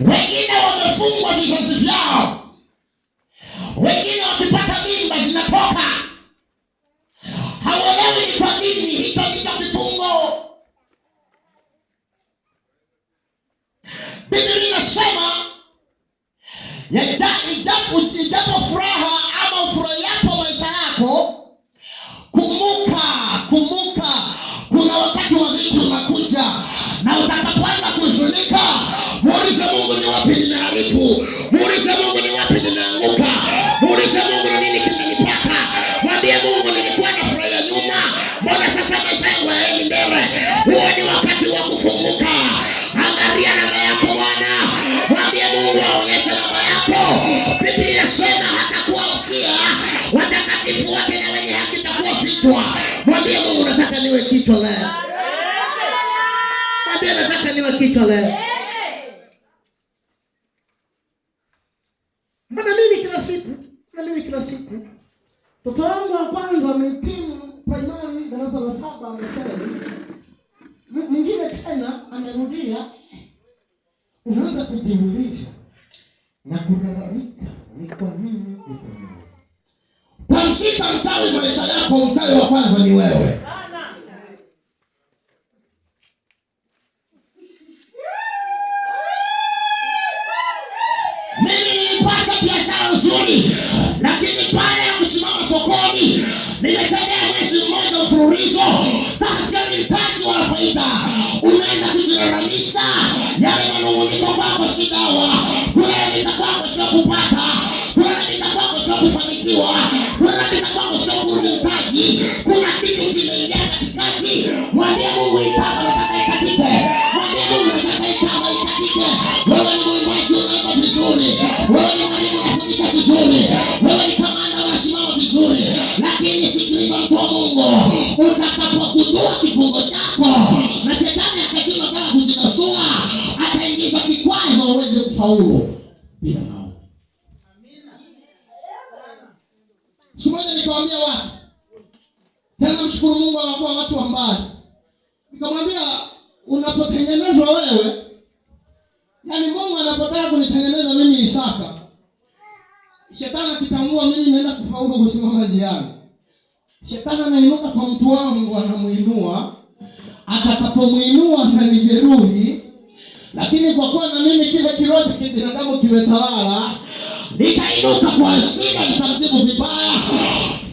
wengine wamefungwa vizazi vyao, wengine wakipata mimba zinatoka, hauelewi ni kwa nini. Hitajika vifungo. Biblia inasema ijapo furaha wapi ninaharibu. Muulize Mungu ni wapi ninaanguka. Muulize Mungu ni nini kinanipata. Mwambie Mungu nilikuwa nafurahia nyuma, mbona sasa maisha yangu hayaendi mbele? Huo ni wakati wa kufunguka. Angalia namba yako Bwana, mwambie Mungu aonyeshe namba yako. Biblia inasema hatakuwa mkia watakatifu wake na wenye haki takuwa kichwa. Mwambie Mungu nataka niwe kichwa leo, mwambie nataka niwe kichwa leo. kila siku, tunalili kila siku. Mtoto wangu wa kwanza amehitimu primary darasa la saba, amefeli. Mwingine tena amerudia. Unaanza kujiuliza na kulalamika, ni kwa nini? Utamshika mtawi maisha yako, mtawi wa kwanza ni wewe. Mimi nilipata biashara vizuri, lakini baada ya kusimama sokoni nimetembea mwezi mmoja mfululizo sasa, sio ni mpaji wa faida. Unaweza kujilalamisha yale manunguniko kwako si dawa, kule kwako sio kupata kugundua kifungo chako, na shetani kama kujinasua, ataingiza kikwazo uweze kufaulu bila Siku moja watu tena, mshukuru Mungu, anakuwa watu wa mbali, nikamwambia unapotengenezwa wewe, yaani Mungu anapotaka kunitengeneza mimi Isaka, shetani akitambua mimi naenda kufaulu kusimama njiani Shetani anainuka kwa mtu wangu, anamuinua, atakapomuinua ananijeruhi, lakini kwa kuwa na mimi kile kiroho cha kibinadamu kimetawala, nitainuka kwa hasira, nitamjibu vibaya.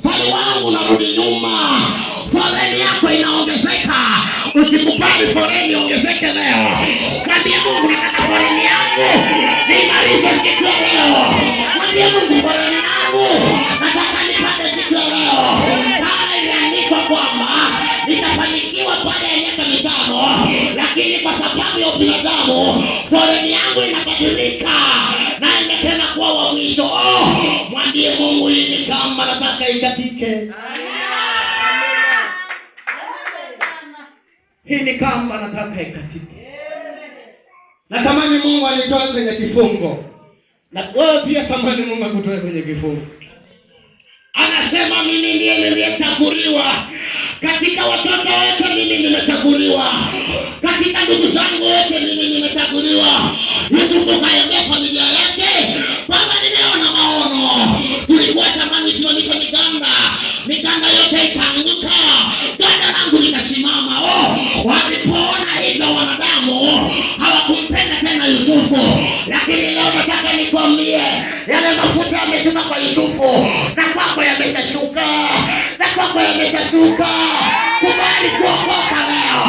Mstari wangu narudi nyuma, foreni yako inaongezeka. Usikubali foreni ongezeke leo. Mwambie Mungu, nataka foreni yangu nimalize siku leo. Mwambie Mungu, foreni yangu mwanadamu, lakini kwa sababu ya ubinadamu foleni yangu inabadilika na inatenda kuwa wa mwisho. Mwambie Mungu ini kama nataka ikatike hii ni kama nataka ikatike. Natamani Mungu anitoe kwenye kifungo, na wewe pia tamani Mungu akutoe kwenye kifungo. Anasema mimi ndiye niliye katika watoto wote mimi nimechaguliwa, katika ndugu zangu wote mimi nimechaguliwa. Yusufu kaendea familia yake, Baba, nimeona maono. Tulikuwa zamani tunaonyesha miganda, miganda yote ikaanguka, ganda langu likasimama. Oh, Walipoona hivyo wanadamu hawakumpenda tena Yusufu, lakini nikwambie, yale mafuta yamesema kwa Yusufu na kwako yameshashuka, na kwako yameshashuka. Kubali kuokoka leo,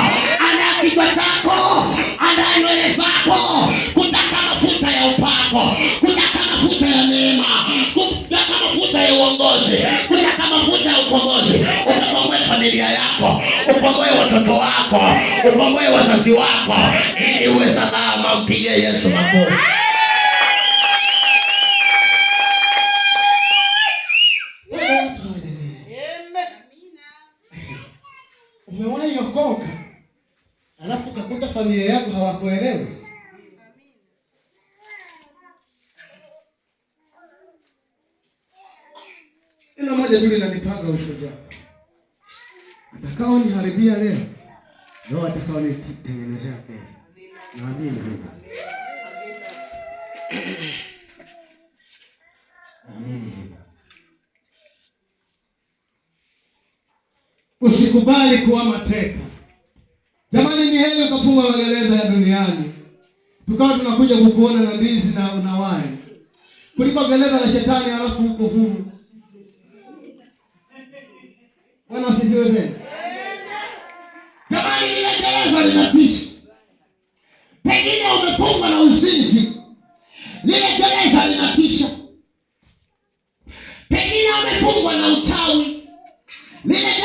andaa kichwa chako, andaa nywele zako, kutaka mafuta ya upako, kutaka mafuta ya neema, kutaka mafuta ya uongozi, kutaka mafuta ya ukombozi familia yako ukomboe watoto wako ukomboe wazazi wako, ili uwe salama. Mpige Yesu makofi. familia yako hawakuelewi. Ila moja tu linanipanga ushujaa, atakaoniharibia leo ndio watakaonitengenezea kesho. Naamini hivyo. Usikubali kuwa mateka. Jamani, ni heri ukafunga magereza ya duniani tukawa tunakuja kukuona na ndizi na unawai kuliko gereza la shetani, halafu huko huko Bwana asifiwe tena. Jamani, lile gereza linatisha. Pengine umefungwa na uzinzi, lile gereza linatisha. Pengine umefungwa na utawi, lile